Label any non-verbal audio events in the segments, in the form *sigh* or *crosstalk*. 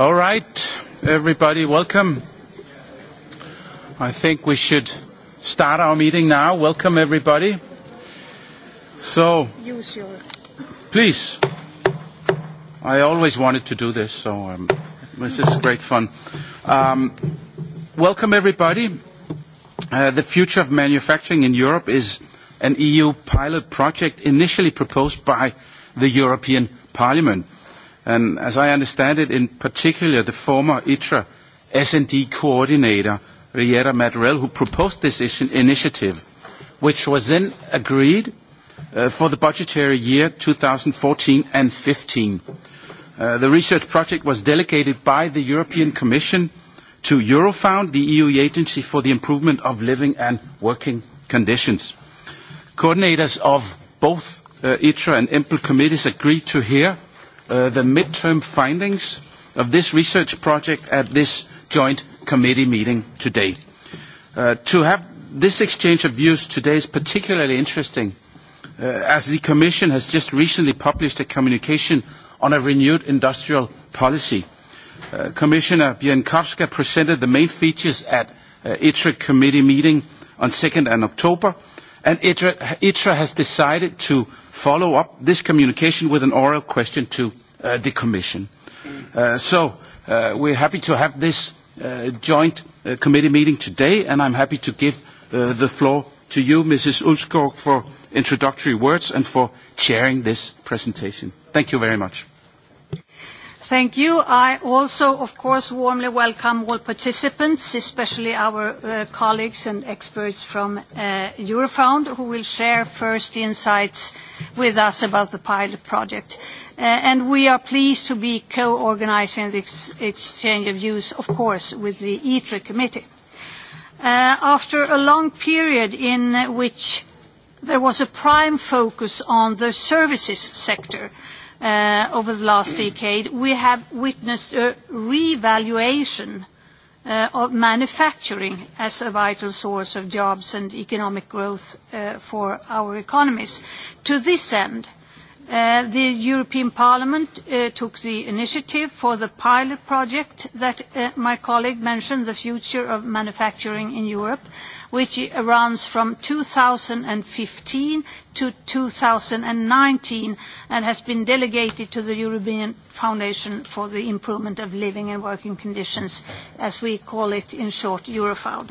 All right, everybody, welcome. I think we should start our meeting now. Welcome, everybody. So, Use your... please. I always wanted to do this, so um, this is great fun. Um, welcome, everybody. Uh, the future of manufacturing in Europe is an EU pilot project initially proposed by the European Parliament. And as I understand it, in particular, the former ITRA S&D coordinator, Riera Madrell, who proposed this initiative, which was then agreed uh, for the budgetary year 2014 and 15. Uh, the research project was delegated by the European Commission to Eurofound, the EU agency for the improvement of living and working conditions. Coordinators of both uh, ITRA and EMPL committees agreed to hear Uh, the midterm findings of this research project at this joint committee meeting today. Uh, to have this exchange of views today is particularly interesting uh, as the Commission has just recently published a communication on a renewed industrial policy. Uh, Commissioner Bienkowska presented the main features at uh, ITRIC committee meeting on 2nd and October and ITRA, ITRA has decided to follow up this communication with an oral question to uh, the Commission. Uh, so uh, we're happy to have this uh, joint uh, committee meeting today, and I'm happy to give uh, the floor to you, Mrs. Ulskog, for introductory words and for chairing this presentation. Thank you very much. Thank you. I also, of course, warmly welcome all participants, especially our uh, colleagues and experts from uh, Eurofound, who will share first insights with us about the pilot project. Uh, and we are pleased to be co-organizing this exchange of views, of course, with the ITRE e committee. Uh, after a long period in which there was a prime focus on the services sector, uh, uh, over the last decade, we have witnessed a revaluation uh, of manufacturing as a vital source of jobs and economic growth uh, for our economies. To this end, uh, the European Parliament uh, took the initiative for the pilot project that uh, my colleague mentioned, the future of manufacturing in Europe, which runs from 2015 to 2019 and has been delegated to the European Foundation for the Improvement of Living and Working Conditions, as we call it in short, Eurofound.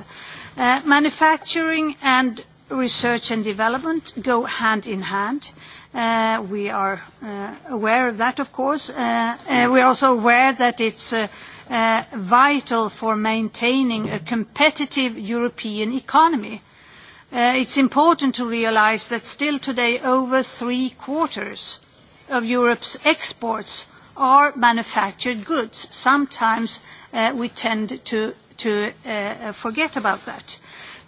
Uh, manufacturing and research and development go hand in hand. Uh, we are uh, aware of that, of course. Uh, uh, we are also aware that it's uh, uh, vital for maintaining a competitive European economy. Uh, it's important to realize that still today over three quarters of Europe's exports are manufactured goods. Sometimes uh, we tend to, to uh, forget about that.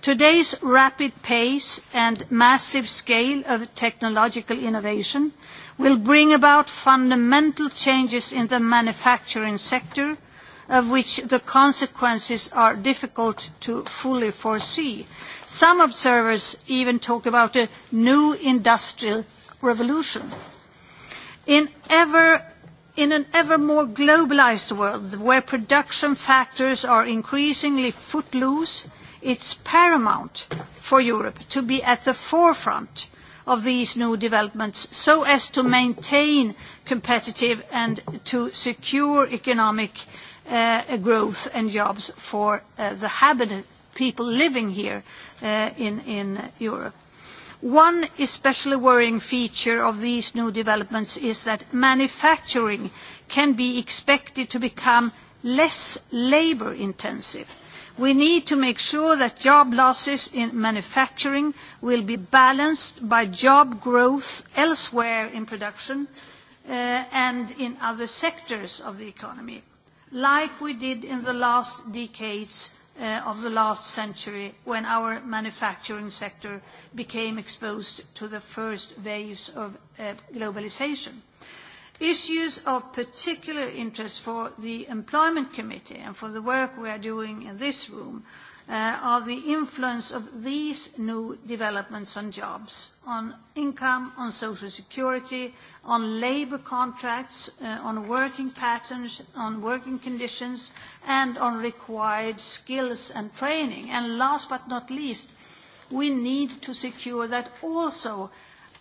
Today's rapid pace and massive scale of technological innovation will bring about fundamental changes in the manufacturing sector – of which the consequences are difficult to fully foresee. Some observers even talk about a new industrial revolution. In, ever, in an ever more globalized world, where production factors are increasingly footloose, it's paramount for Europe to be at the forefront of these new developments so as to maintain competitive and to secure economic uh, growth and jobs for uh, the habitat people living here uh, in, in Europe. One especially worrying feature of these new developments is that manufacturing can be expected to become less labour intensive. We need to make sure that job losses in manufacturing will be balanced by job growth elsewhere in production uh, and in other sectors of the economy like we did in the last decades uh, of the last century when our manufacturing sector became exposed to the first waves of uh, globalization. Issues of particular interest for the Employment Committee and for the work we are doing in this room uh, are the influence of these new developments on jobs, on income, on social security, on labour contracts, uh, on working patterns, on working conditions, and on required skills and training. And last but not least, we need to secure that also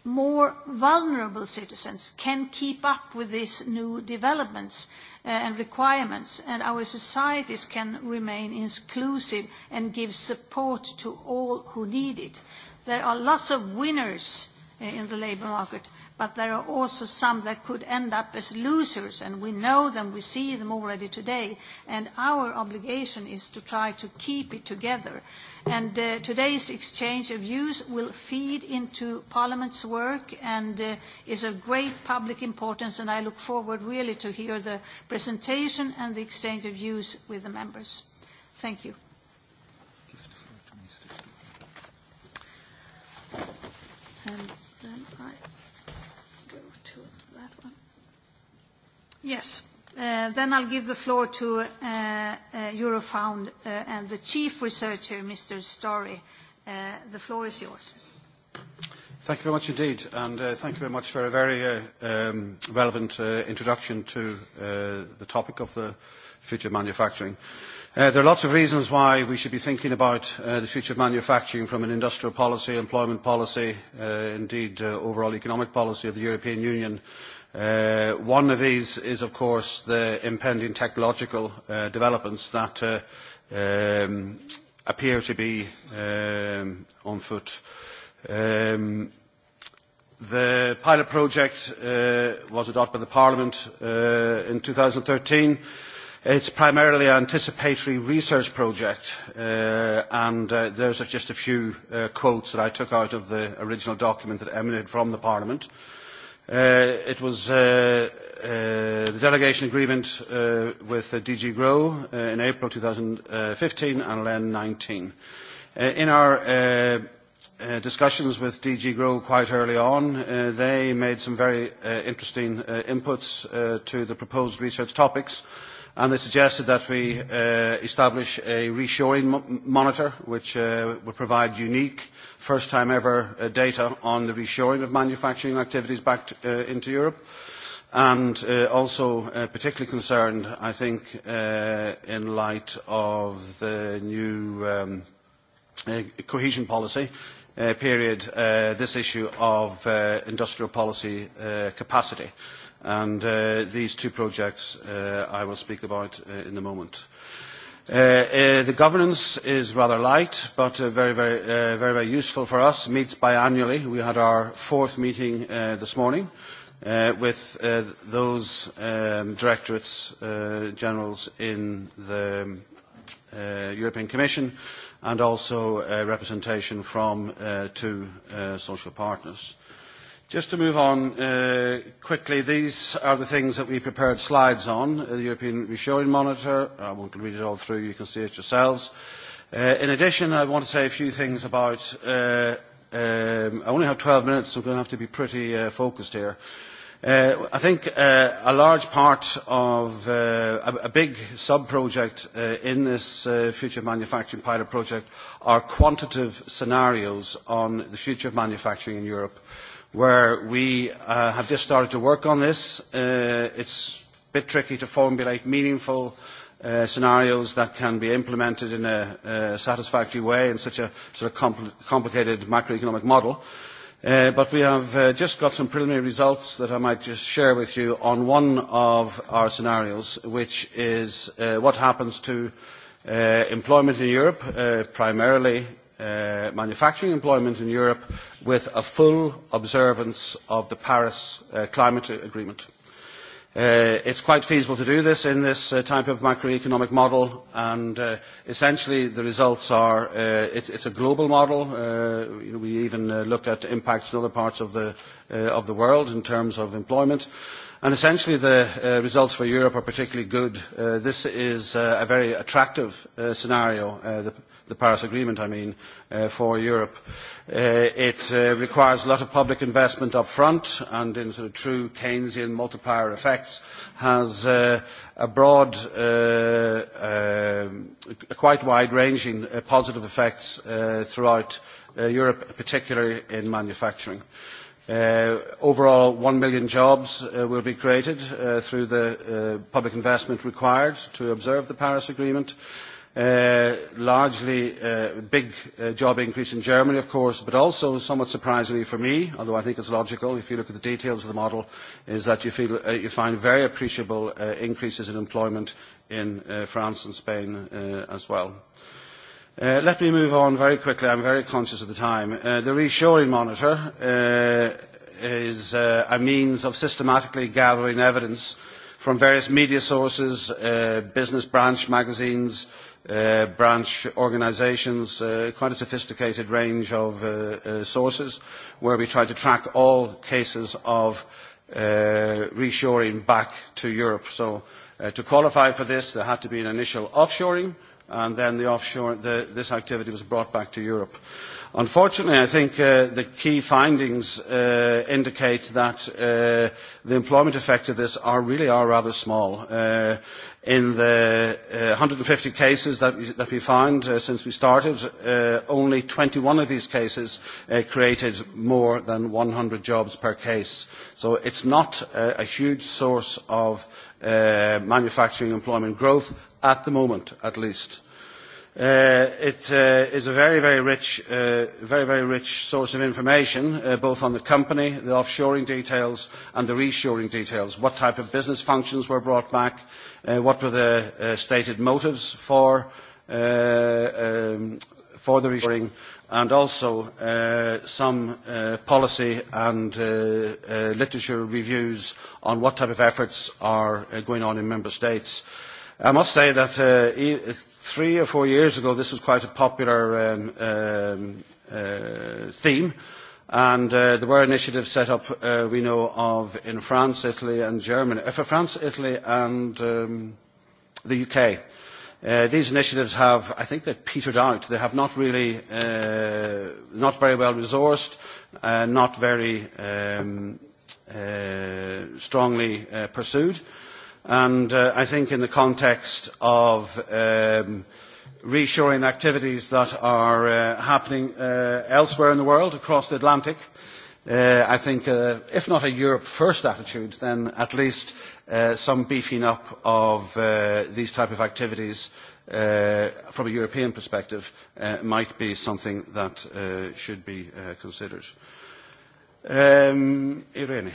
more vulnerable citizens can keep up with these new developments Uh, and requirements, and our societies can remain inclusive and give support to all who need it. There are lots of winners uh, in the labour market, but there are also some that could end up as losers, and we know them, we see them already today, and our obligation is to try to keep it together. And uh, today's exchange of views will feed into Parliament's work and uh, is of great public importance, and I look forward really to hear the presentation and the exchange of views with the members. Thank you. And then I go to that one. Yes. Uh, then I'll give the floor to uh, uh, Eurofound uh, and the chief researcher, Mr. Story. Uh, the floor is yours. Thank you very much indeed, and uh, thank you very much for a very uh, um, relevant uh, introduction to uh, the topic of the future of manufacturing. Uh, there are lots of reasons why we should be thinking about uh, the future of manufacturing from an industrial policy, employment policy, uh, indeed uh, overall economic policy of the European Union Uh, one of these is, of course, the impending technological uh, developments that uh, um, appear to be um, on foot. Um, the pilot project uh, was adopted by the Parliament uh, in 2013. It's primarily an anticipatory research project, uh, and uh, there's just a few uh, quotes that I took out of the original document that emanated from the Parliament. Uh, Uh, it was uh, uh, the delegation agreement uh, with uh, DG Grow uh, in April 2015 and then 19. Uh, in our uh, uh, discussions with DG Grow quite early on, uh, they made some very uh, interesting uh, inputs uh, to the proposed research topics and they suggested that we uh, establish a reshoring monitor which uh, will provide unique first time ever uh, data on the reshoring of manufacturing activities back to, uh, into Europe and uh, also uh, particularly concerned I think uh, in light of the new um, uh, cohesion policy uh, period uh, this issue of uh, industrial policy uh, capacity. Uh, and uh, these two projects uh, I will speak about uh, in a moment. Uh, uh, the governance is rather light, but uh, very, very, uh, very, very useful for us. Meets biannually. We had our fourth meeting uh, this morning uh, with uh, those um, directorates uh, generals in the uh, European Commission and also a uh, representation from uh, two uh, social partners. Uh, Just to move on uh, quickly, these are the things that we prepared slides on. Uh, the European Reshoring Monitor, I won't read it all through, you can see it yourselves. Uh, in addition, I want to say a few things about, uh, um, I only have 12 minutes, so I'm going to have to be pretty uh, focused here. Uh, I think uh, a large part of uh, a, a big sub-project uh, in this uh, future manufacturing pilot project are quantitative scenarios on the future of manufacturing in Europe. Uh, where we uh, have just started to work on this. Uh, it's a bit tricky to formulate meaningful uh, scenarios that can be implemented in a, a satisfactory way in such a sort of compl complicated macroeconomic model. Uh, but we have uh, just got some preliminary results that I might just share with you on one of our scenarios, which is uh, what happens to uh, employment in Europe, uh, primarily uh, manufacturing employment in Europe with a full observance of the Paris uh, Climate Agreement. Uh, it's quite feasible to do this in this uh, type of macroeconomic model, and uh, essentially the results are uh, it, it's a global model. Uh, you know, we even uh, look at impacts in other parts of the, uh, of the world in terms of employment. And essentially the uh, results for Europe are particularly good. Uh, this is uh, a very attractive uh, scenario. Uh, the the Paris Agreement, I mean, uh, for Europe. Uh, it uh, requires a lot of public investment up front and in sort of true Keynesian multiplier effects has uh, a broad, uh, uh, quite wide-ranging uh, positive effects uh, throughout uh, Europe, particularly in manufacturing. Uh, overall, one million jobs uh, will be created uh, through the uh, public investment required to observe the Paris Agreement. Uh, uh, largely uh, big uh, job increase in Germany, of course, but also somewhat surprisingly for me, although I think it's logical if you look at the details of the model, is that you, feel, uh, you find very appreciable uh, increases in employment in uh, France and Spain uh, as well. Uh, let me move on very quickly. I'm very conscious of the time. Uh, the reshoring monitor uh, is uh, a means of systematically gathering evidence from various media sources, uh, business branch magazines, uh, branch organizations, uh, quite a sophisticated range of uh, uh, sources, where we try to track all cases of uh, reshoring back to Europe. So uh, to qualify for this, there had to be an initial offshoring, and then the offshore, the, this activity was brought back to Europe. Unfortunately, I think uh, the key findings uh, indicate that uh, the employment effects of this are really are rather small. Uh, In the uh, 150 cases that we, that we found uh, since we started, uh, only 21 of these cases uh, created more than 100 jobs per case. So it's not uh, a huge source of uh, manufacturing employment growth at the moment, at least. Uh, it uh, is a very, very rich, uh, very, very rich source of information, uh, both on the company, the offshoring details, and the reshoring details. What type of business functions were brought back? Uh, what were the uh, stated motives for, uh, um, for the reshoring? And also uh, some uh, policy and uh, uh, literature reviews on what type of efforts are uh, going on in member states. Uh, I must say that uh, e, three or four years ago this was quite a popular um, um, uh, theme and uh, there were initiatives set up uh, we know of in France, Italy and Germany, uh, for France, Italy and um, the UK. Uh, these initiatives have, I think they've petered out. They have not really, uh, not very well resourced, uh, not very um, uh, strongly uh, pursued. Uh, And uh, I think in the context of um, reshoring activities that are uh, happening uh, elsewhere in the world, across the Atlantic, uh, I think uh, if not a Europe first attitude, then at least uh, some beefing up of uh, these type of activities uh, from a European perspective uh, might be something that uh, should be uh, considered. Um, Irene.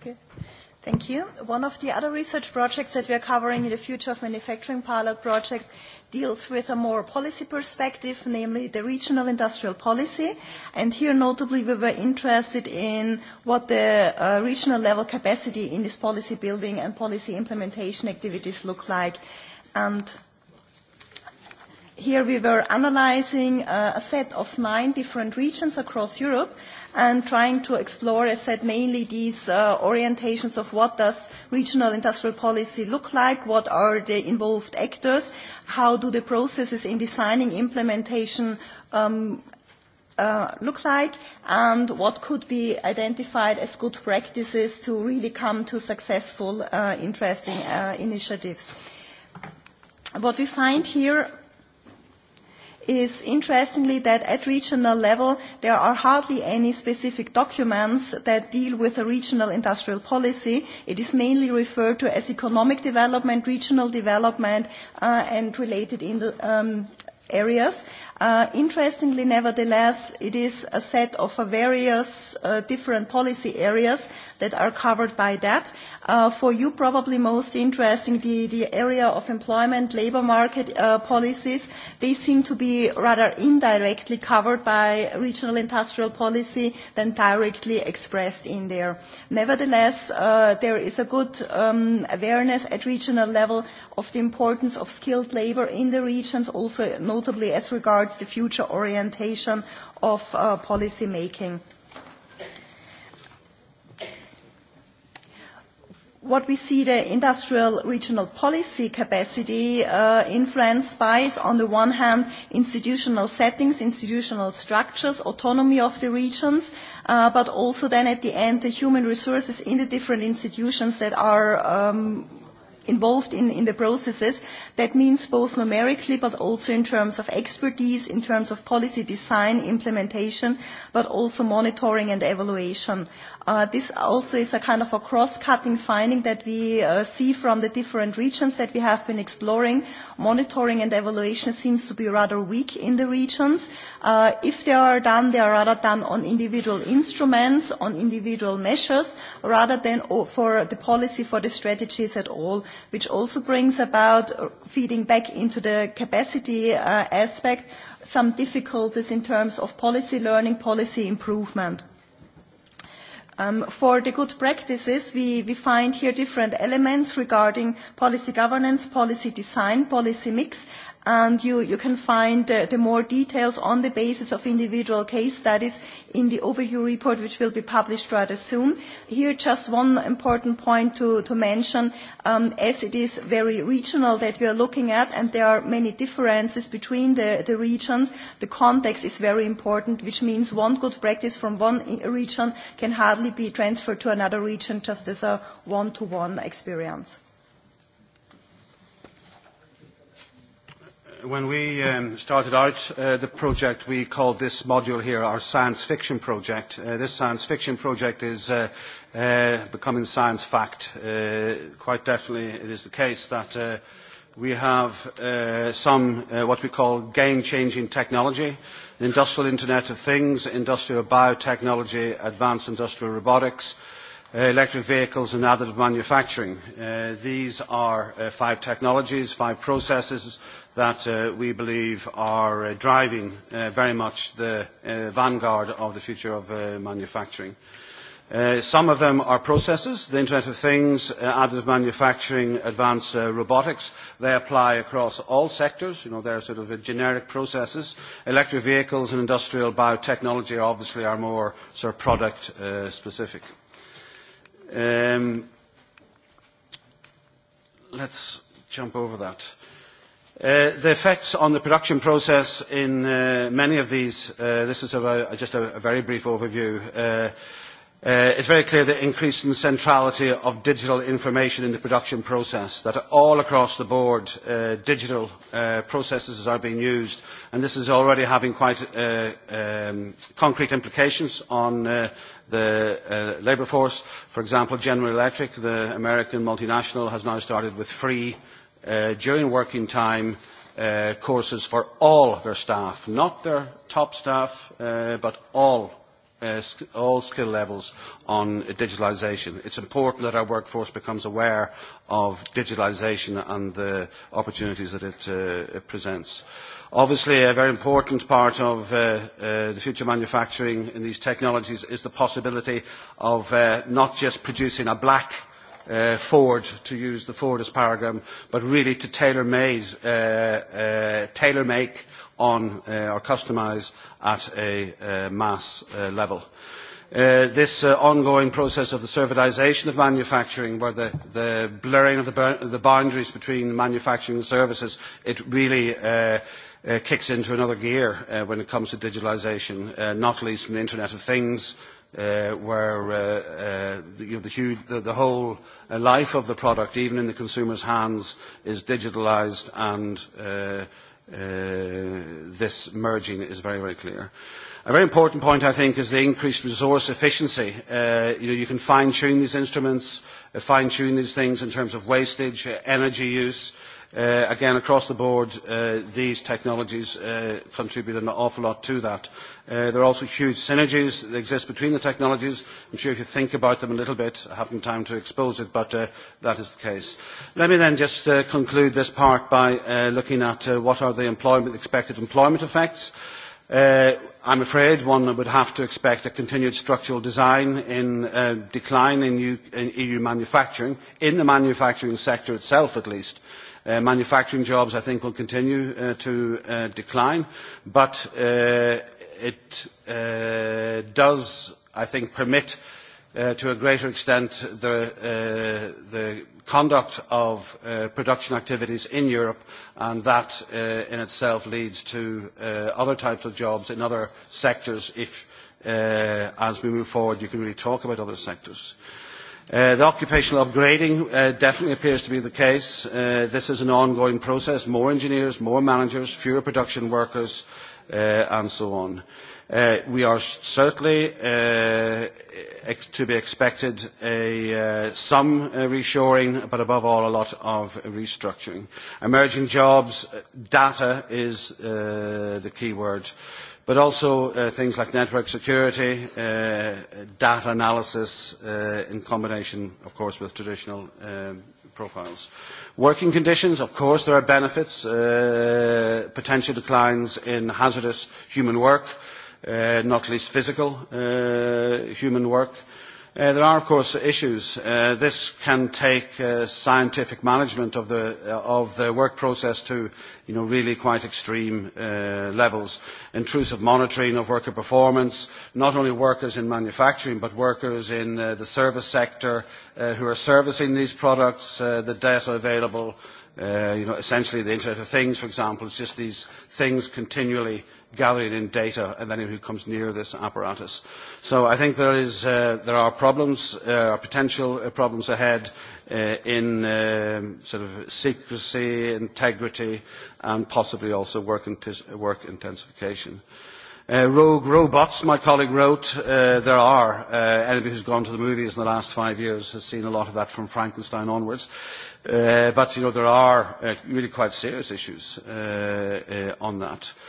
Okay. Thank you. One of the other research projects that we are covering in the Future of Manufacturing pilot project deals with a more policy perspective, namely the regional industrial policy. And here notably we were interested in what the uh, regional level capacity in this policy building and policy implementation activities look like. And Here we were analyzing uh, a set of nine different regions across Europe and trying to explore, as said, mainly these uh, orientations of what does regional industrial policy look like, what are the involved actors, how do the processes in designing implementation um, uh, look like, and what could be identified as good practices to really come to successful, uh, interesting uh, initiatives. What we find here is interestingly that at regional level there are hardly any specific documents that deal with a regional industrial policy. It is mainly referred to as economic development, regional development uh, and related in the, um, areas. Uh, interestingly, nevertheless, it is a set of various uh, different policy areas that are covered by that. Uh, for you, probably most interesting, the, the area of employment, labor market uh, policies, they seem to be rather indirectly covered by regional industrial policy than directly expressed in there. Nevertheless, uh, there is a good um, awareness at regional level of the importance of skilled labor in the regions, also notably as regards towards the future orientation of uh, policy making. what we see the industrial regional policy capacity uh, influenced by is on the one hand institutional settings, institutional structures, autonomy of the regions, uh, but also then at the end the human resources in the different institutions that are um, involved in, in the processes. That means both numerically but also in terms of expertise, in terms of policy design, implementation, but also monitoring and evaluation. Uh, this also is a kind of a cross-cutting finding that we uh, see from the different regions that we have been exploring. Monitoring and evaluation seems to be rather weak in the regions. Uh, if they are done, they are rather done on individual instruments, on individual measures, rather than for the policy, for the strategies at all which also brings about feeding back into the capacity uh, aspect some difficulties in terms of policy learning, policy improvement. Um, for the good practices, we, we find here different elements regarding policy governance, policy design, policy mix, and you, you can find uh, the more details on the basis of individual case studies in the overview report which will be published rather soon. Here just one important point to, to mention um, as it is very regional that we are looking at and there are many differences between the, the regions, the context is very important which means one good practice from one region can hardly be transferred to another region just as a one-to-one -one experience. when we um, started out uh, the project, we called this module here our science fiction project. Uh, this science fiction project is uh, uh, becoming science fact. Uh, quite definitely it is the case that uh, we have uh, some uh, what we call game-changing technology, the industrial Internet of Things, industrial biotechnology, advanced industrial robotics, uh, uh, electric vehicles and additive manufacturing. Uh, these are uh, five technologies, five processes that uh, we believe are uh, driving uh, very much the uh, vanguard of the future of uh, manufacturing. Uh, some of them are processes, the Internet of Things, uh, additive manufacturing, advanced uh, robotics. They apply across all sectors. You know, they're sort of a generic processes. Electric vehicles and industrial biotechnology obviously are more sort of product uh, specific. Um, let's jump over that. Uh, the effects on the production process in uh, many of these, uh, this is a, just a, a very brief overview. Uh, Uh, it's very clear the increase in the centrality of digital information in the production process, that all across the board uh, digital uh, processes are being used, and this is already having quite uh, um, concrete implications on uh, the uh, labour force. For example, General Electric, the American multinational, has now started with free uh, during working time uh, courses for all their staff, not their top staff, uh, but all uh, all skill levels on digitalisation. It's important that our workforce becomes aware of digitalisation and the opportunities that it, uh, it presents. Obviously, a very important part of uh, uh, the future manufacturing in these technologies is the possibility of uh, not just producing a black uh, Ford, to use the Ford as paragram, but really to tailor-made, uh, uh, tailor-make on uh, or customised at a uh, mass uh, level. Uh, this uh, ongoing process of the servitisation of manufacturing, where the, the blurring of the, the boundaries between manufacturing and services, it really uh, uh, kicks into another gear uh, when it comes to digitalisation, uh, not least in the Internet of Things, uh, where uh, uh, the, you know, the, huge, the, the whole uh, life of the product, even in the consumer's hands, is digitalised and uh, Uh, this merging is very, very clear. A very important point, I think, is the increased resource efficiency. Uh, you, know, you can fine-tune these instruments, uh, fine-tune these things in terms of wastage, uh, energy use, Uh, again, across the board, uh, these technologies uh, contribute an awful lot to that. Uh, there are also huge synergies that exist between the technologies. I'm sure if you think about them a little bit, I haven't time to expose it, but uh, that is the case. Let me then just uh, conclude this part by uh, looking at uh, what are the employment, expected employment effects. Uh, I'm afraid one would have to expect a continued structural design in uh, decline in, U in EU manufacturing, in the manufacturing sector itself at least. Uh, manufacturing jobs, I think, will continue uh, to uh, decline, but uh, it uh, does, I think, permit uh, to a greater extent the, uh, the conduct of uh, production activities in Europe and that uh, in itself leads to uh, other types of jobs in other sectors if, uh, as we move forward, you can really talk about other sectors. Uh, Uh, the occupational upgrading uh, definitely appears to be the case. Uh, this is an ongoing process. More engineers, more managers, fewer production workers, uh, and so on. Uh, we are certainly uh, ex to be expected a, uh, some uh, reshoring, but above all, a lot of restructuring. Emerging jobs, uh, data is uh, the key word but also uh, things like network security, uh, data analysis uh, in combination, of course, with traditional um, profiles. Working conditions, of course, there are benefits, uh, potential declines in hazardous human work, uh, not least physical uh, human work, uh, Uh, there are, of course, issues. Uh, this can take uh, scientific management of the, uh, of the work process to you know, really quite extreme uh, levels. Intrusive monitoring of worker performance, not only workers in manufacturing, but workers in uh, the service sector uh, who are servicing these products, uh, the data available, uh, you know, essentially the Internet of Things, for example. It's just these things continually gathering in data of anyone who comes near this apparatus. So I think there, is, uh, there are problems, uh, potential uh, problems ahead uh, in um, sort of secrecy, integrity, and possibly also work, work intensification. Uh, rogue robots, my colleague wrote, uh, there are. Uh, anybody who's gone to the movies in the last five years has seen a lot of that from Frankenstein onwards. Uh, but, you know, there are uh, really quite serious issues uh, uh, on that. Uh,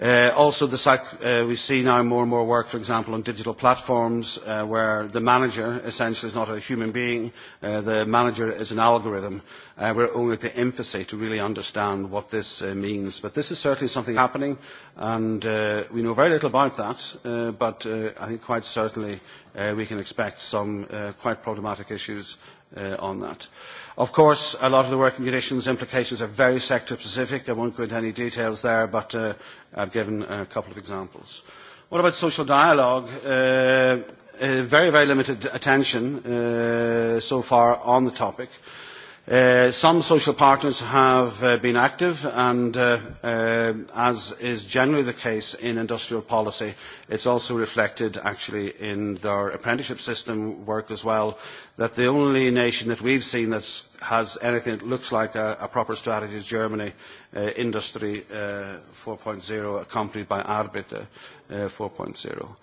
Uh, also, the SAC, uh, we see now more and more work, for example, on digital platforms uh, where the manager essentially is not a human being. Uh, the manager is an algorithm. Uh, we're only at the infancy to really understand what this uh, means. But this is certainly something happening, and uh, we know very little about that, uh, but uh, I think quite certainly uh, we can expect some uh, quite problematic issues uh, on that. Uh, Of course, a lot of the working conditions implications are very sector specific. I won't go into any details there, but uh, I've given a couple of examples. What about social dialogue? Uh, uh, very, very limited attention uh, so far on the topic. Uh, Uh, some social partners have uh, been active and, uh, uh, as is generally the case in industrial policy, it's also reflected actually in their apprenticeship system work as well, that the only nation that we've seen that has anything that looks like a, a proper strategy is Germany, uh, Industry uh, 4.0, accompanied by Arbiter uh, 4.0.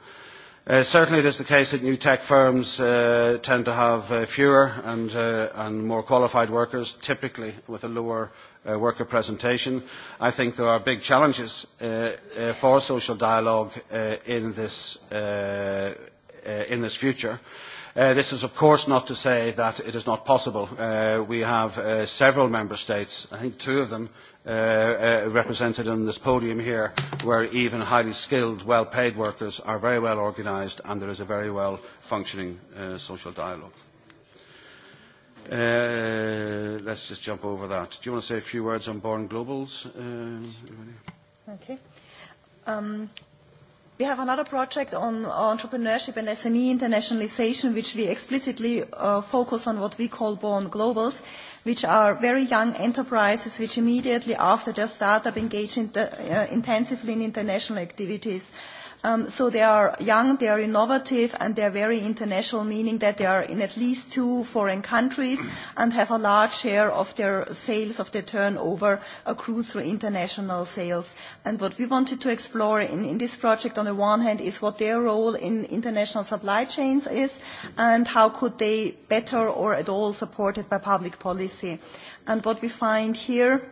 Uh, certainly it is the case that new tech firms uh, tend to have uh, fewer and, uh, and more qualified workers, typically with a lower uh, worker presentation. I think there are big challenges uh, uh, for social dialogue uh, in, this, uh, uh, in this future. Uh, this is of course not to say that it is not possible. Uh, we have uh, several member states, I think two of them, Uh, uh, represented on this podium here, where even highly skilled, well-paid workers are very well organised and there is a very well-functioning uh, social dialogue. Uh, let's just jump over that. Do you want to say a few words on Born Globals? Uh, okay. Um, We have another project on entrepreneurship and SME internationalization, which we explicitly uh, focus on what we call born globals, which are very young enterprises which immediately after their startup engage in the, uh, intensively in international activities. Um, so they are young, they are innovative, and they are very international, meaning that they are in at least two foreign countries and have a large share of their sales, of their turnover, accrue through international sales. And what we wanted to explore in, in this project, on the one hand, is what their role in international supply chains is and how could they better or at all supported by public policy. And what we find here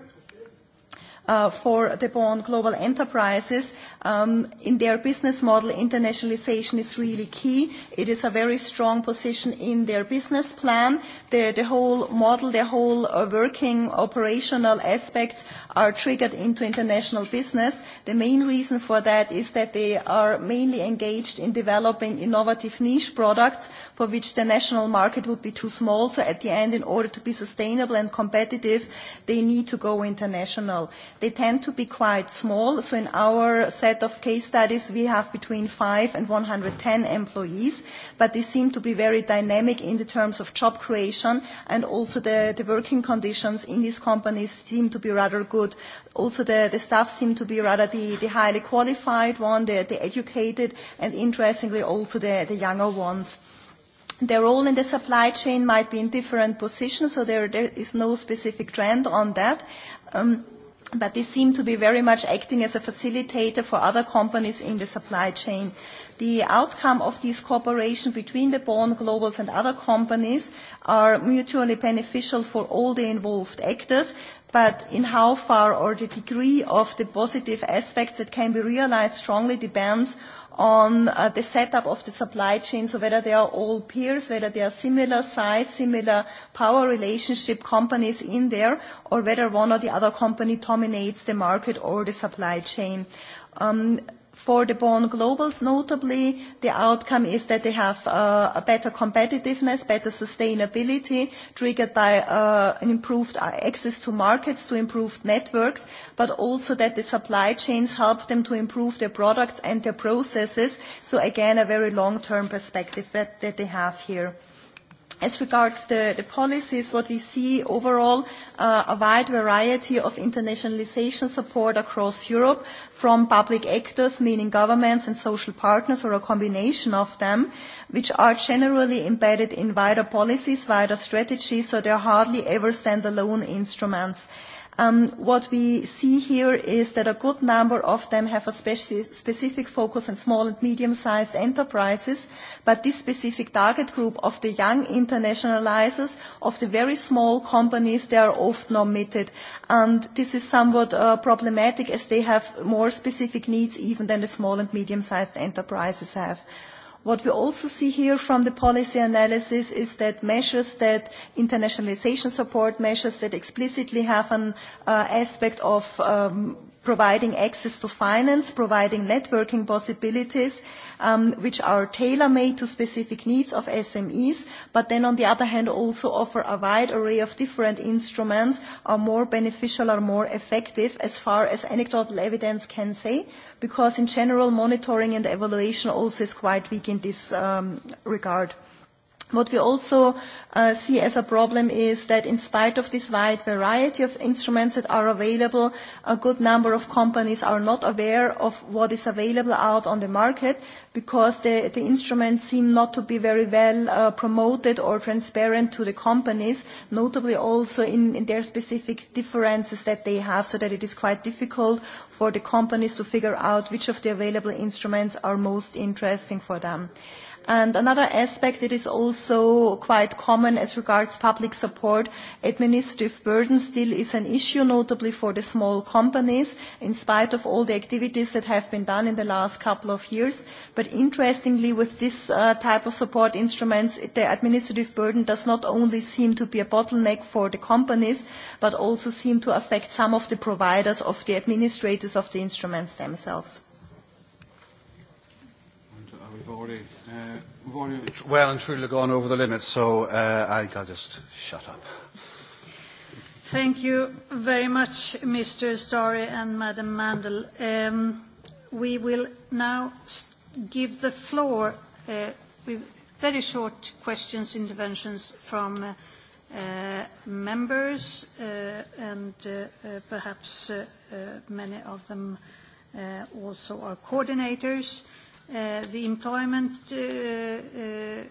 Uh, for the bond global enterprises. Um, in their business model, internationalization is really key. It is a very strong position in their business plan. The, the whole model, the whole uh, working operational aspects are triggered into international business. The main reason for that is that they are mainly engaged in developing innovative niche products for which the national market would be too small. So at the end, in order to be sustainable and competitive, they need to go international. They tend to be quite small. So in our set of case studies, we have between 5 and 110 employees, but they seem to be very dynamic in the terms of job creation and also the, the working conditions in these companies seem to be rather good. Also the, the staff seem to be rather the, the highly qualified one, the, the educated, and interestingly also the, the younger ones their role in the supply chain might be in different positions, so there, there is no specific trend on that. Um, but they seem to be very much acting as a facilitator for other companies in the supply chain. The outcome of this cooperation between the Born Globals and other companies are mutually beneficial for all the involved actors, but in how far or the degree of the positive aspects that can be realized strongly depends on uh, the setup of the supply chain, so whether they are all peers, whether they are similar size, similar power relationship companies in there, or whether one or the other company dominates the market or the supply chain. Um, for the born globals, notably, the outcome is that they have uh, a better competitiveness, better sustainability, triggered by uh, an improved access to markets, to improved networks, but also that the supply chains help them to improve their products and their processes. So again, a very long-term perspective that, that they have here. As regards the, the policies, what we see overall, uh, a wide variety of internationalization support across Europe from public actors, meaning governments and social partners, or a combination of them, which are generally embedded in wider policies, wider strategies, so they are hardly ever standalone instruments. Um, what we see here is that a good number of them have a speci specific focus on small and medium-sized enterprises, but this specific target group of the young internationalizers, of the very small companies, they are often omitted. And this is somewhat uh, problematic as they have more specific needs even than the small and medium-sized enterprises have. What we also see here from the policy analysis is that measures that internationalization support measures that explicitly have an uh, aspect of um, providing access to finance, providing networking possibilities, um, which are tailor-made to specific needs of SMEs, but then on the other hand also offer a wide array of different instruments are more beneficial or more effective as far as anecdotal evidence can say, because in general monitoring and evaluation also is quite weak in this um, regard. What we also uh, see as a problem is that in spite of this wide variety of instruments that are available, a good number of companies are not aware of what is available out on the market because the, the instruments seem not to be very well uh, promoted or transparent to the companies, notably also in, in their specific differences that they have so that it is quite difficult for the companies to figure out which of the available instruments are most interesting for them. And another aspect that is also quite common as regards public support, administrative burden still is an issue, notably for the small companies, in spite of all the activities that have been done in the last couple of years. But interestingly, with this uh, type of support instruments, the administrative burden does not only seem to be a bottleneck for the companies, but also seem to affect some of the providers of the administrators of the instruments themselves. Uh, Well and truly gone over the limit, so uh, I think I'll just shut up. Thank you very much, Mr. Story and Madam Mandel. Um, we will now give the floor uh, with very short questions, interventions from uh, uh, members uh, and uh, uh, perhaps uh, uh, many of them uh, also are coordinators. Uh, the employment uh, uh,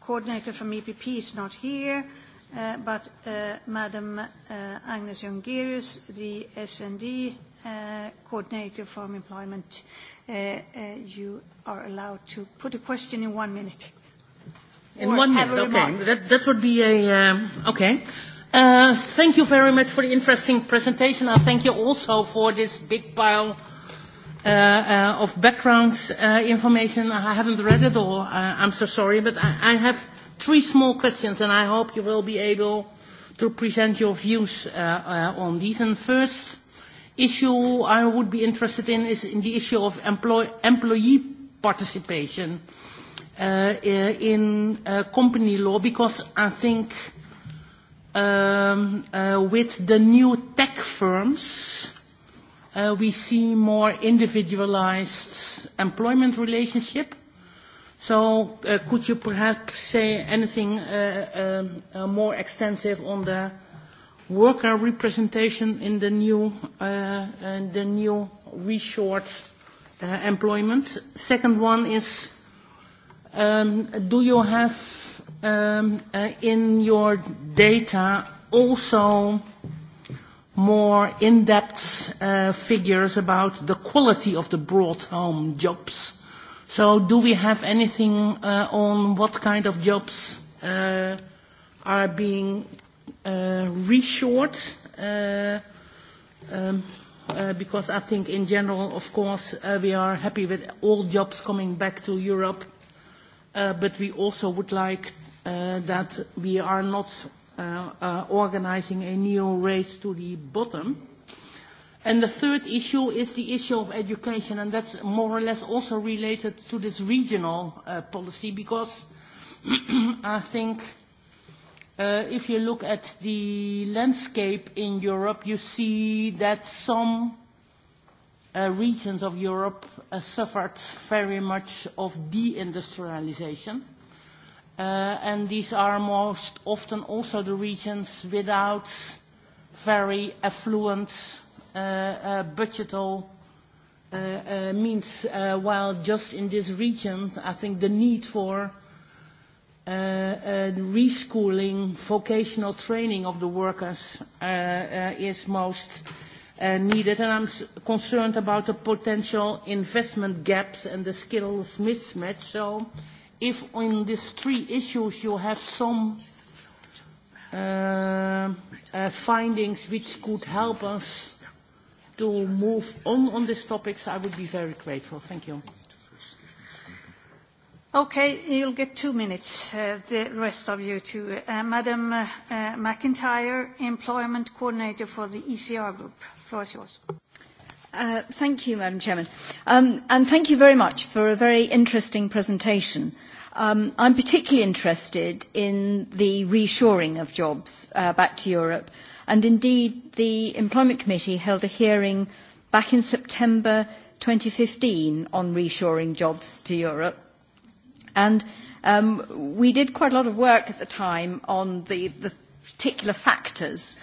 coordinator from EPP is not here, uh, but uh, Madam uh, Agnes Jongerius, the SND uh, coordinator from employment, uh, uh, you are allowed to put a question in one minute. In or one minute, okay. That, that would be a, um, okay. Uh, thank you very much for the interesting presentation. I thank you also for this big pile Uh, uh, of background uh, information. I haven't read it all. Uh, I'm so sorry, but I, I have three small questions, and I hope you will be able to present your views uh, uh, on these. And first issue I would be interested in is in the issue of employ employee participation uh, in uh, company law, because I think um, uh, with the new tech firms, uh, we see more individualized employment relationship. So uh, could you perhaps say anything uh, um, uh, more extensive on the worker representation in the new, uh, uh, the new reshort uh, employment? Second one is, um, do you have um, uh, in your data also more in-depth uh, figures about the quality of the brought home jobs. So do we have anything uh, on what kind of jobs uh, are being uh, reshored? Uh, um, uh, because I think in general, of course, uh, we are happy with all jobs coming back to Europe, uh, but we also would like uh, that we are not uh, uh, organizing a new race to the bottom. And the third issue is the issue of education, and that's more or less also related to this regional uh, policy, because *clears throat* I think uh, if you look at the landscape in Europe, you see that some uh, regions of Europe uh, suffered very much of deindustrialization. Uh, and these are most often also the regions without very affluent uh, uh, budgetal uh, uh, means, uh, while just in this region, I think the need for uh, uh, reschooling, vocational training of the workers uh, uh, is most uh, needed. And I'm s concerned about the potential investment gaps and the skills mismatch. So if on these three issues you have some uh, uh, findings which could help us to move on on these topics, I would be very grateful. Thank you. Okay, you'll get two minutes, uh, the rest of you two. Uh, Madam uh, uh, McIntyre, Employment Coordinator for the ECR Group. Floor is yours. Uh, thank you, Madam Chairman. Um, and thank you very much for a very interesting presentation. Um, I'm particularly interested in the reshoring of jobs uh, back to Europe. And indeed, the Employment Committee held a hearing back in September 2015 on reshoring jobs to Europe. And um, we did quite a lot of work at the time on the, the particular factors uh,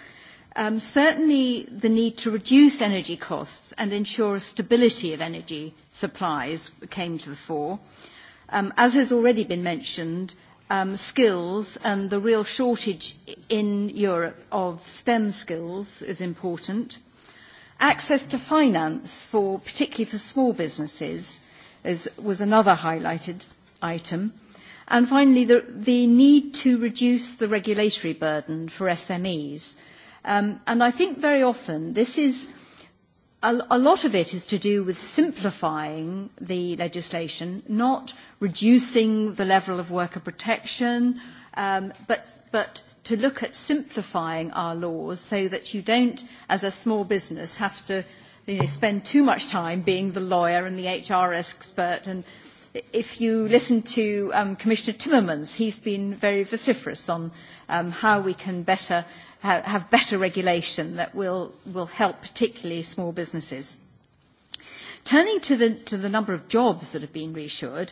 Um, certainly, the need to reduce energy costs and ensure stability of energy supplies came to the fore. Um, as has already been mentioned, um, skills and the real shortage in Europe of STEM skills is important. Access to finance, for, particularly for small businesses, is, was another highlighted item. And finally, the, the need to reduce the regulatory burden for SMEs – Um, and I think very often this is, a, a lot of it is to do with simplifying the legislation, not reducing the level of worker protection, um, but, but to look at simplifying our laws so that you don't, as a small business, have to you know, spend too much time being the lawyer and the HR expert. And if you listen to um, Commissioner Timmermans, he's been very vociferous on um, how we can better have better regulation that will, will help particularly small businesses. Turning to the, to the number of jobs that have been reassured,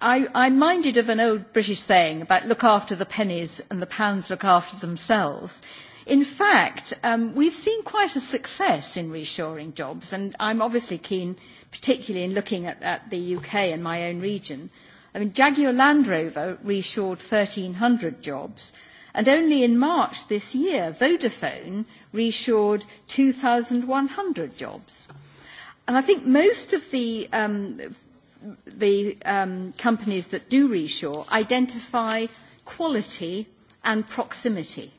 I, I'm minded of an old British saying about look after the pennies and the pounds look after themselves. In fact, um, we've seen quite a success in reshoring jobs, and I'm obviously keen, particularly in looking at, at the UK and my own region. I mean, Jaguar Land Rover reshored 1,300 jobs, And only in March this year, Vodafone reshored 2,100 jobs. And I think most of the, um, the um, companies that do reshore identify quality and proximity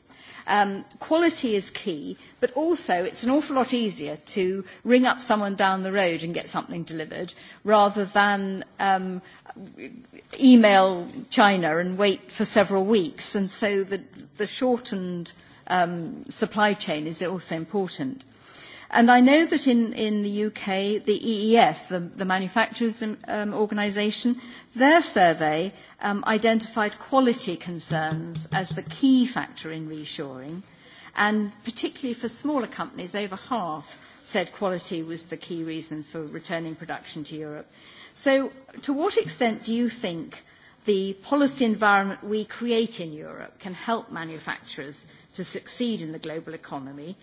Um, quality is key, but also it's an awful lot easier to ring up someone down the road and get something delivered rather than um, email China and wait for several weeks. And so the, the shortened um, supply chain is also important. And I know that in, in the UK, the EEF, the, the Manufacturers um, Organisation, Their survey um, identified quality concerns as the key factor in reshoring, and particularly for smaller companies, over half said quality was the key reason for returning production to Europe. So to what extent do you think the policy environment we create in Europe can help manufacturers to succeed in the global economy?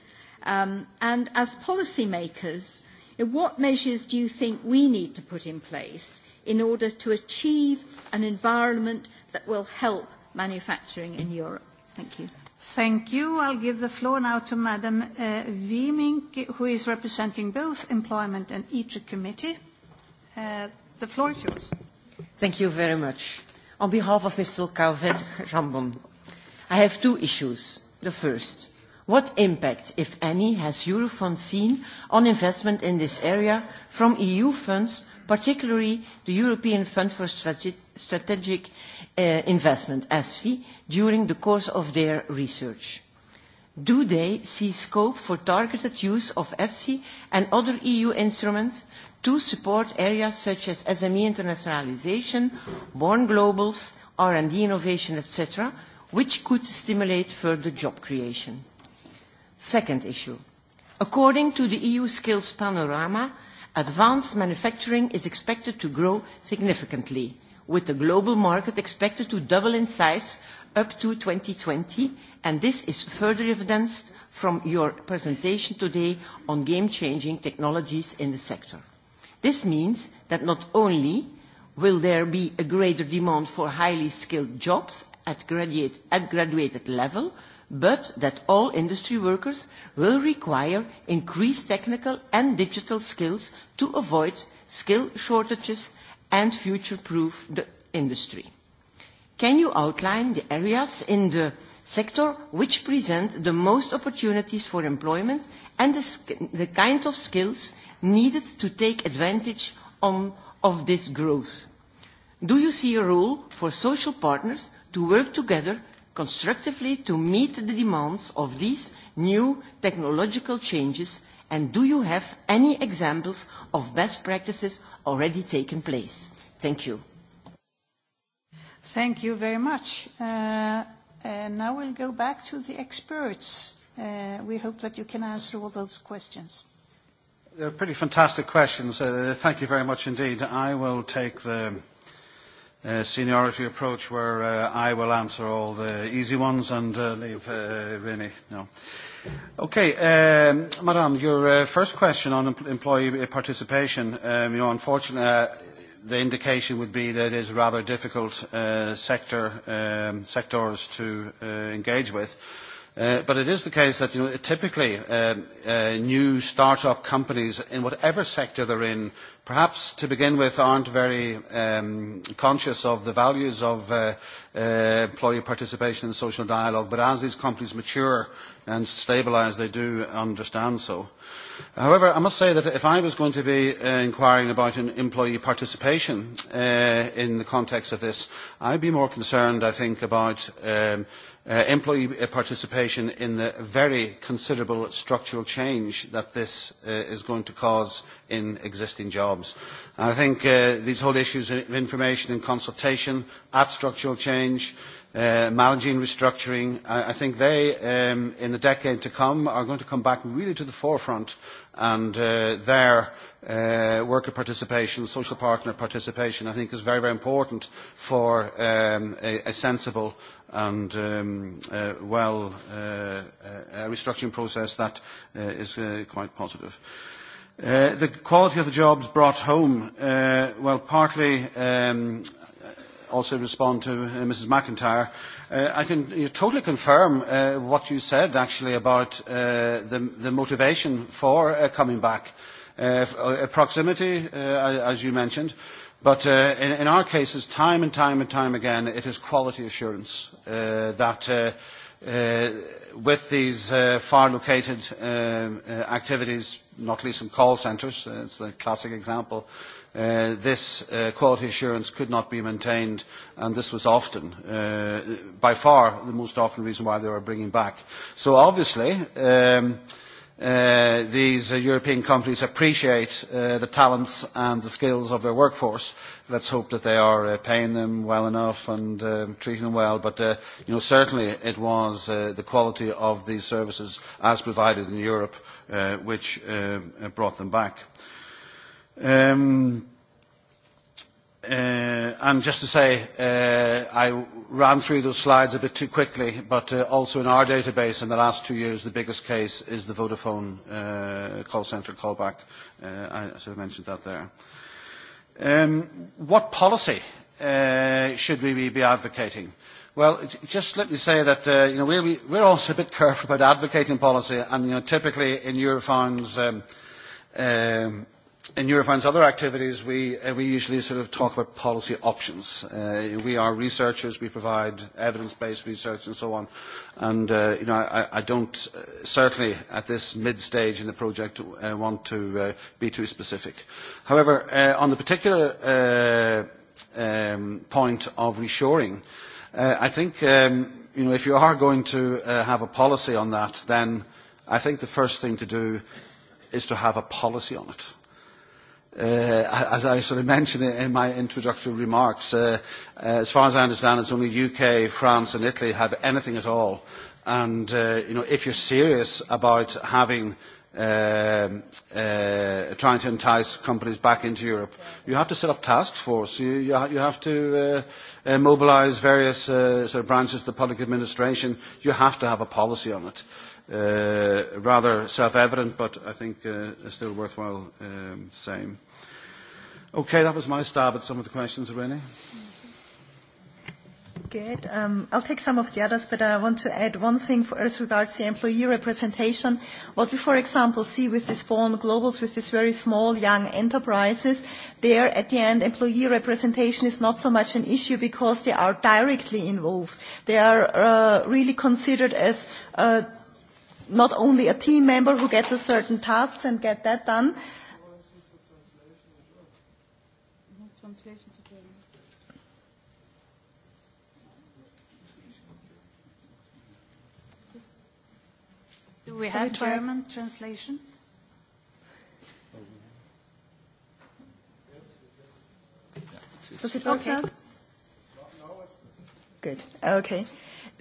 Um, and as policymakers, what measures do you think we need to put in place in order to achieve an environment that will help manufacturing in Europe. Thank you. Thank you. I'll give the floor now to Madam uh, Wiemink, who is representing both Employment and ITRE Committee. Uh, the floor is yours. Thank you very much. On behalf of Mr. Calvet-Jambon, I have two issues. The first, what impact, if any, has Eurofund seen on investment in this area from EU funds particularly the European Fund for Strategic uh, Investment, ESFI, during the course of their research. Do they see scope for targeted use of EFSI and other EU instruments to support areas such as SME internationalization, born globals, R&D innovation, etc., which could stimulate further job creation? Second issue. According to the EU skills panorama, advanced manufacturing is expected to grow significantly, with the global market expected to double in size up to 2020, and this is further evidenced from your presentation today on game-changing technologies in the sector. This means that not only will there be a greater demand for highly skilled jobs at, graduate, at graduated level, but that all industry workers will require increased technical and digital skills to avoid skill shortages and future-proof the industry. Can you outline the areas in the sector which present the most opportunities for employment and the, the kind of skills needed to take advantage on, of this growth? Do you see a role for social partners to work together constructively to meet the demands of these new technological changes and do you have any examples of best practices already taken place? Thank you. Thank you very much. Uh, and now we'll go back to the experts. Uh, we hope that you can answer all those questions. They're pretty fantastic questions. Uh, thank you very much indeed. I will take the Uh, seniority approach where uh, I will answer all the easy ones and uh, leave uh, Rini. No. Okay, um, Madam, your uh, first question on em employee participation, um, you know, unfortunately, uh, the indication would be that it is rather difficult uh, sector, um, sectors to uh, engage with. Uh, Uh, but it is the case that you know, typically um, uh, new start-up companies in whatever sector they're in perhaps to begin with aren't very um, conscious of the values of uh, uh, employee participation and social dialogue, but as these companies mature and stabilise, they do understand so. However, I must say that if I was going to be uh, inquiring about an employee participation uh, in the context of this, I'd be more concerned, I think, about um, uh, employee uh, participation in the very considerable structural change that this uh, is going to cause in existing jobs. And I think uh, these whole issues of information and consultation at structural change, uh, uh, managing restructuring. I, I think they, um, in the decade to come, are going to come back really to the forefront and uh, their uh, worker participation, social partner participation, I think is very, very important for um, a, a sensible and um, uh, well uh, a restructuring process that uh, is uh, quite positive. Uh, the quality of the jobs brought home, uh, well, partly um, also respond to uh, Mrs McIntyre. Uh, I can you totally confirm uh, what you said, actually, about uh, the, the motivation for uh, coming back. Uh, uh, proximity, uh, as you mentioned, but uh, in, in our cases, time and time and time again, it is quality assurance uh, that uh, uh, with these uh, far-located uh, uh, activities, not least in call centres, uh, it's the classic example, uh, Uh, this uh, quality assurance could not be maintained, and this was often, uh, by far, the most often reason why they were bringing back. So obviously, um, uh, these uh, European companies appreciate uh, the talents and the skills of their workforce. Let's hope that they are uh, paying them well enough and uh, treating them well. But uh, you know, certainly it was uh, the quality of these services as provided in Europe uh, which uh, brought them back. Um, uh, and just to say, uh, I ran through those slides a bit too quickly, but uh, also in our database in the last two years, the biggest case is the Vodafone uh, call centre callback. Uh, I sort of mentioned that there. Um, what policy uh, should we be advocating? Well, just let me say that uh, you know, we're, we're also a bit *laughs* careful about advocating policy, and you know, typically in Eurofound's um, um, in Eurofund's other activities, we, uh, we usually sort of talk about policy options. Uh, we are researchers, we provide evidence-based research and so on. And, uh, you know, I, I don't, uh, certainly at this mid-stage in the project, uh, want to uh, be too specific. However, uh, on the particular uh, um, point of reshoring, uh, I think, um, you know, if you are going to uh, have a policy on that, then I think the first thing to do is to have a policy on it uh, as I sort of mentioned in my introductory remarks, uh, uh, as far as I understand, it's only UK, France and Italy have anything at all. And, uh, you know, if you're serious about having uh, uh, trying to entice companies back into Europe. You have to set up task force. You, you, ha you have to uh, uh, mobilise various uh, sort of branches of the public administration. You have to have a policy on it. Uh, uh, rather self-evident, but I think uh, still worthwhile um, saying. Okay, that was my stab at some of the questions, Irene. Good. Um, I'll take some of the others, but I want to add one thing for, as regards the employee representation. What we, for example, see with these Born Globals, with these very small young enterprises, there at the end employee representation is not so much an issue because they are directly involved. They are uh, really considered as uh, not only a team member who gets a certain task and get that done. Do we have German translation? Does it work okay. now? Good. Okay.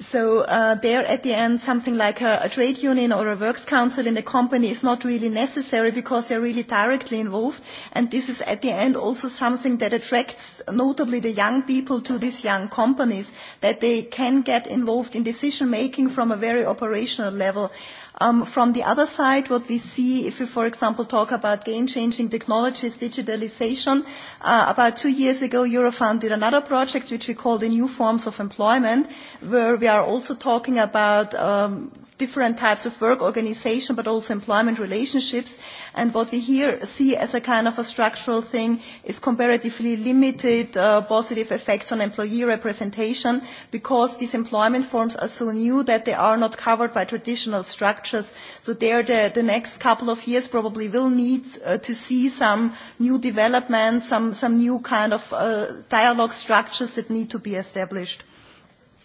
So uh, there at the end, something like a, a trade union or a works council in the company is not really necessary because they're really directly involved. And this is at the end also something that attracts notably the young people to these young companies, that they can get involved in decision making from a very operational level. Um, from the other side, what we see, if we, for example, talk about game-changing technologies, digitalization, uh, about two years ago, Eurofund did another project which we call the New Forms of Employment, where we are also talking about um, different types of work organization, but also employment relationships. And what we here see as a kind of a structural thing is comparatively limited uh, positive effects on employee representation because these employment forms are so new that they are not covered by traditional structures. So there the, the next couple of years probably will need uh, to see some new developments, some, some new kind of uh, dialogue structures that need to be established.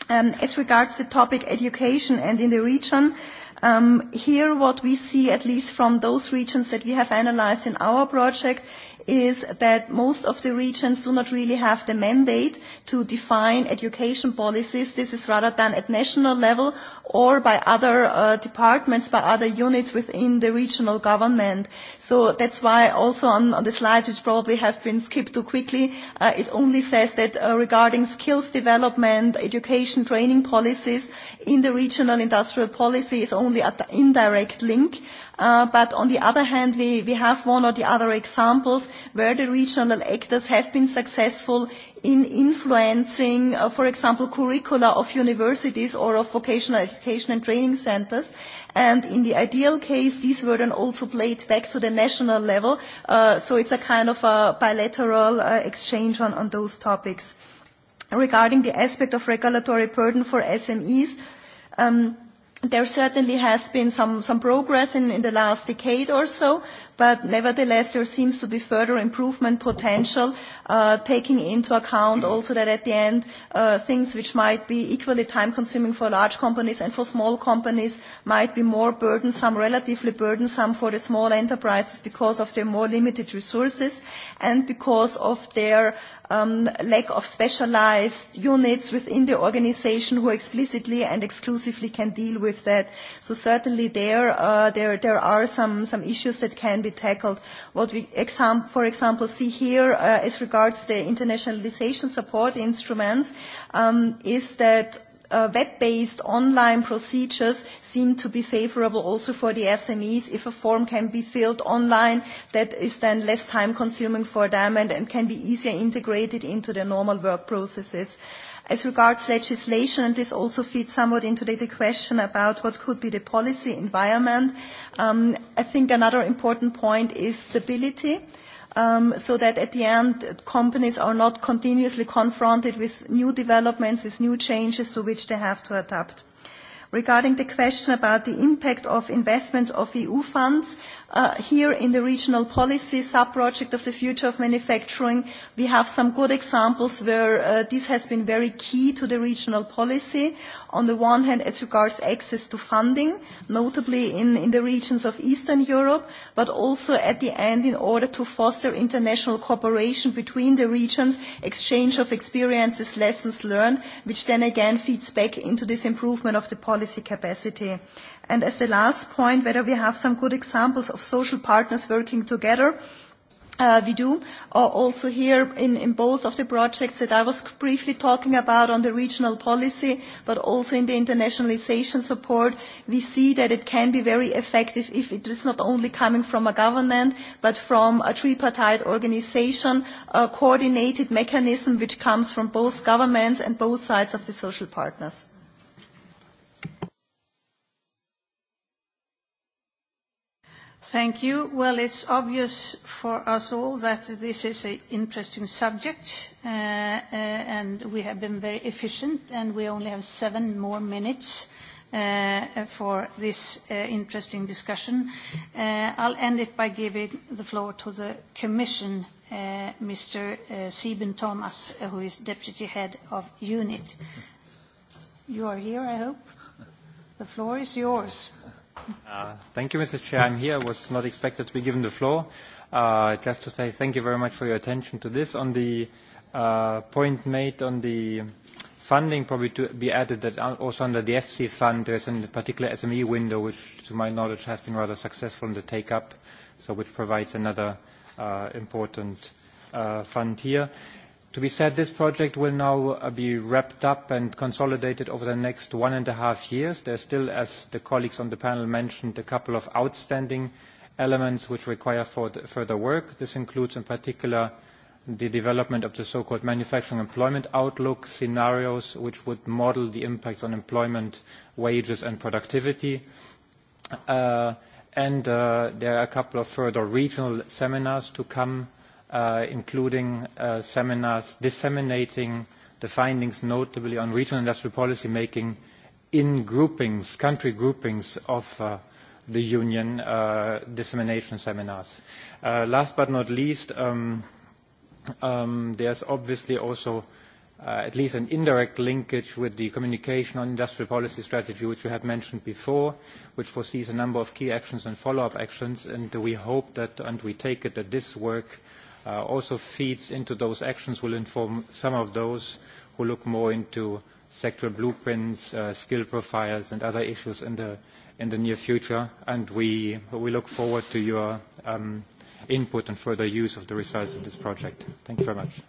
Um, as regards the topic education and in the region, um, here what we see, at least from those regions that we have analyzed in our project, is that most of the regions do not really have the mandate to define education policies. This is rather done at national level or by other uh, departments, by other units within the regional government. So that's why also on, on the slides, which probably have been skipped too quickly, uh, it only says that uh, regarding skills development, education, training policies in the regional industrial policy is only an indirect link Uh, but on the other hand, we, we have one or the other examples where the regional actors have been successful in influencing, uh, for example, curricula of universities or of vocational education and training centers. And in the ideal case, these were then also played back to the national level. Uh, so it's a kind of a bilateral uh, exchange on, on those topics. Regarding the aspect of regulatory burden for SMEs, um, there certainly has been some, some progress in, in the last decade or so, but nevertheless there seems to be further improvement potential uh, taking into account also that at the end uh, things which might be equally time consuming for large companies and for small companies might be more burdensome, relatively burdensome for the small enterprises because of their more limited resources and because of their um, lack of specialized units within the organization who explicitly and exclusively can deal with that. So certainly there, uh, there, there are some, some issues that can be tackled. What we, exam for example, see here uh, as regards regards the internationalization support instruments um, is that uh, web-based online procedures seem to be favorable also for the SMEs if a form can be filled online that is then less time consuming for them and, and can be easier integrated into their normal work processes. As regards legislation, and this also feeds somewhat into the question about what could be the policy environment, um, I think another important point is stability um, so that at the end companies are not continuously confronted with new developments, with new changes to which they have to adapt. Regarding the question about the impact of investments of EU funds, uh, here in the regional policy sub-project of the future of manufacturing, we have some good examples where uh, this has been very key to the regional policy on the one hand as regards access to funding, notably in, in the regions of Eastern Europe, but also at the end in order to foster international cooperation between the regions, exchange of experiences, lessons learned, which then again feeds back into this improvement of the policy capacity. And as the last point, whether we have some good examples of social partners working together, uh, we do uh, also here in, in both of the projects that I was briefly talking about on the regional policy, but also in the internationalization support, we see that it can be very effective if it is not only coming from a government, but from a tripartite organization, a coordinated mechanism which comes from both governments and both sides of the social partners. Thank you. Well, it's obvious for us all that this is an interesting subject, uh, uh, and we have been very efficient, and we only have seven more minutes uh, for this uh, interesting discussion. Uh, I'll end it by giving the floor to the Commission, uh, Mr. Uh, Sieben Thomas, uh, who is Deputy Head of UNIT. You are here, I hope. The floor is yours. Uh, thank you, Mr. Chair. I'm here. I was not expected to be given the floor. Uh, just to say thank you very much for your attention to this. On the uh, point made on the funding, probably to be added that also under the FC fund, there is a particular SME window, which to my knowledge has been rather successful in the take-up, so which provides another uh, important uh, fund here. To be said, this project will now uh, be wrapped up and consolidated over the next one and a half years. There are still, as the colleagues on the panel mentioned, a couple of outstanding elements which require further work. This includes, in particular, the development of the so-called manufacturing employment outlook scenarios, which would model the impacts on employment, wages, and productivity. Uh, and uh, there are a couple of further regional seminars to come uh, including uh, seminars disseminating the findings notably on regional industrial policy making in groupings, country groupings of uh, the union uh, dissemination seminars. Uh, last but not least, um, um, there's obviously also uh, at least an indirect linkage with the communication on industrial policy strategy, which we had mentioned before, which foresees a number of key actions and follow-up actions, and we hope that, and we take it that this work uh, also feeds into those actions, will inform some of those who look more into sectoral blueprints, uh, skill profiles and other issues in the, in the near future. And we, we look forward to your um, input and further use of the results of this project. Thank you very much.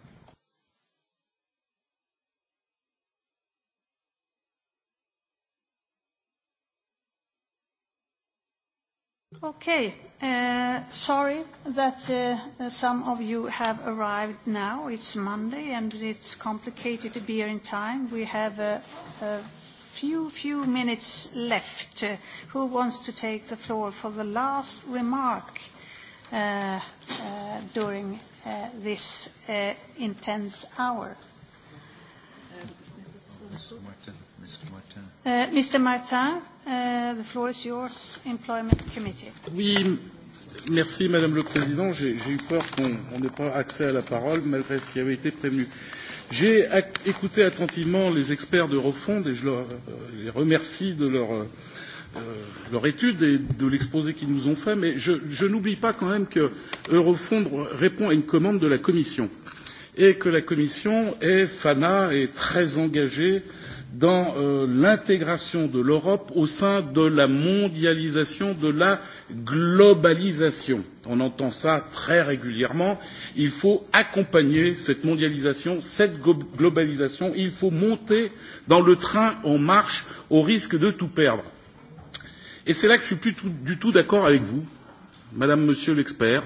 Okay, uh, sorry that uh, some of you have arrived now. It's Monday and it's complicated to be here in time. We have a, a few, few minutes left. Uh, who wants to take the floor for the last remark uh, uh, during uh, this uh, intense hour? Uh, Mr. Martin. Uh, Mr. Martin Uh, the floor is yours, Employment Committee. Oui, merci Madame le Président. J'ai eu peur qu'on n'ait pas accès à la parole malgré ce qui avait été prévenu. J'ai écouté attentivement les experts de Refonde et je leur, euh, les remercie de leur, euh, euh, leur étude et de l'exposé qu'ils nous ont fait, mais je, je n'oublie pas quand même que Eurofond répond à une commande de la Commission et que la Commission est, FANA, et très engagée euh, dans euh, l'intégration de l'Europe au sein de la mondialisation, de la globalisation. On entend ça très régulièrement. Il faut accompagner cette mondialisation, cette globalisation. Il faut monter dans le train en marche au risque de tout perdre. Et c'est là que je ne suis plus tout, du tout d'accord avec vous, Madame, Monsieur l'expert,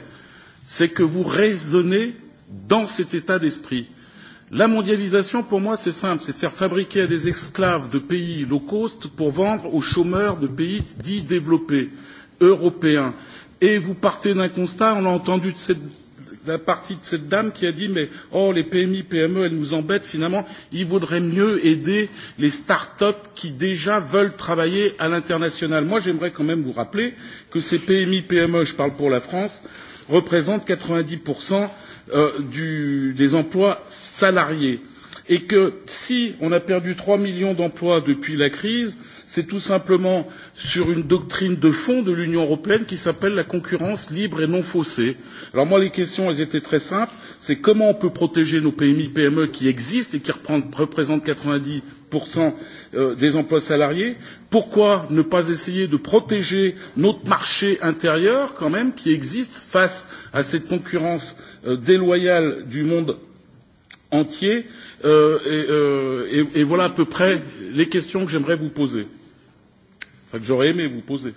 c'est que vous raisonnez dans cet état d'esprit La mondialisation, pour moi, c'est simple, c'est faire fabriquer des esclaves de pays low cost pour vendre aux chômeurs de pays dits développés, européens. Et vous partez d'un constat, on l'a entendu de cette la partie de cette dame qui a dit mais oh les PMI, PME, elles nous embêtent finalement, il vaudrait mieux aider les start-up qui déjà veulent travailler à l'international. Moi j'aimerais quand même vous rappeler que ces PMI, PME, je parle pour la France, représentent 90% euh, du, des emplois salariés et que si on a perdu 3 millions d'emplois depuis la crise, c'est tout simplement sur une doctrine de fond de l'Union européenne qui s'appelle la concurrence libre et non faussée. Alors moi, les questions, elles étaient très simples. C'est comment on peut protéger nos PMI, PME qui existent et qui représentent 90 euh, des emplois salariés. Pourquoi ne pas essayer de protéger notre marché intérieur quand même qui existe face à cette concurrence Euh, déloyale du monde entier. Euh, et, euh, et, et voilà à peu près les questions que j'aimerais vous poser, enfin que j'aurais aimé vous poser.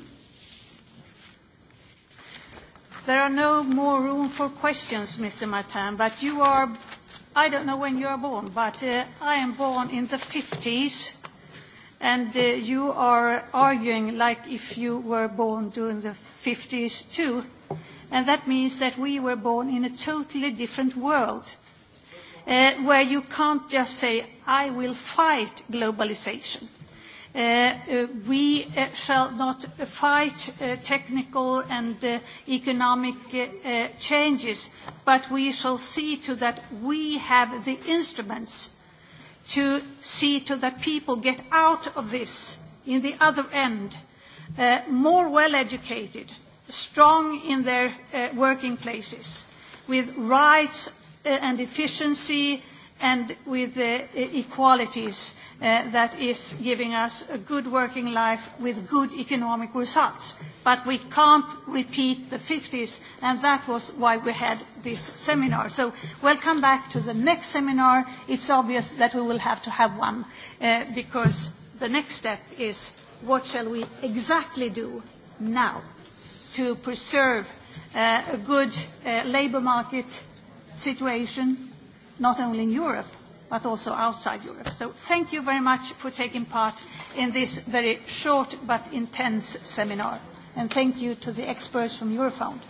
There are no more room for questions, Mr. Martin, but you are, I don't know when you are born, but uh, I am born in the 50s, and uh, you are arguing like if you were born during the 50s too and that means that we were born in a totally different world uh, where you can't just say, I will fight globalization. Uh, uh, we uh, shall not fight uh, technical and uh, economic uh, uh, changes, but we shall see to that we have the instruments to see to that people get out of this in the other end uh, more well educated, strong in their uh, working places, with rights uh, and efficiency and with uh, equalities uh, that is giving us a good working life with good economic results. But we can't repeat the 50s, and that was why we had this seminar. So welcome back to the next seminar. It's obvious that we will have to have one, uh, because the next step is what shall we exactly do now? to preserve uh, a good uh, labour market situation, not only in Europe, but also outside Europe. So thank you very much for taking part in this very short but intense seminar. And thank you to the experts from Eurofound.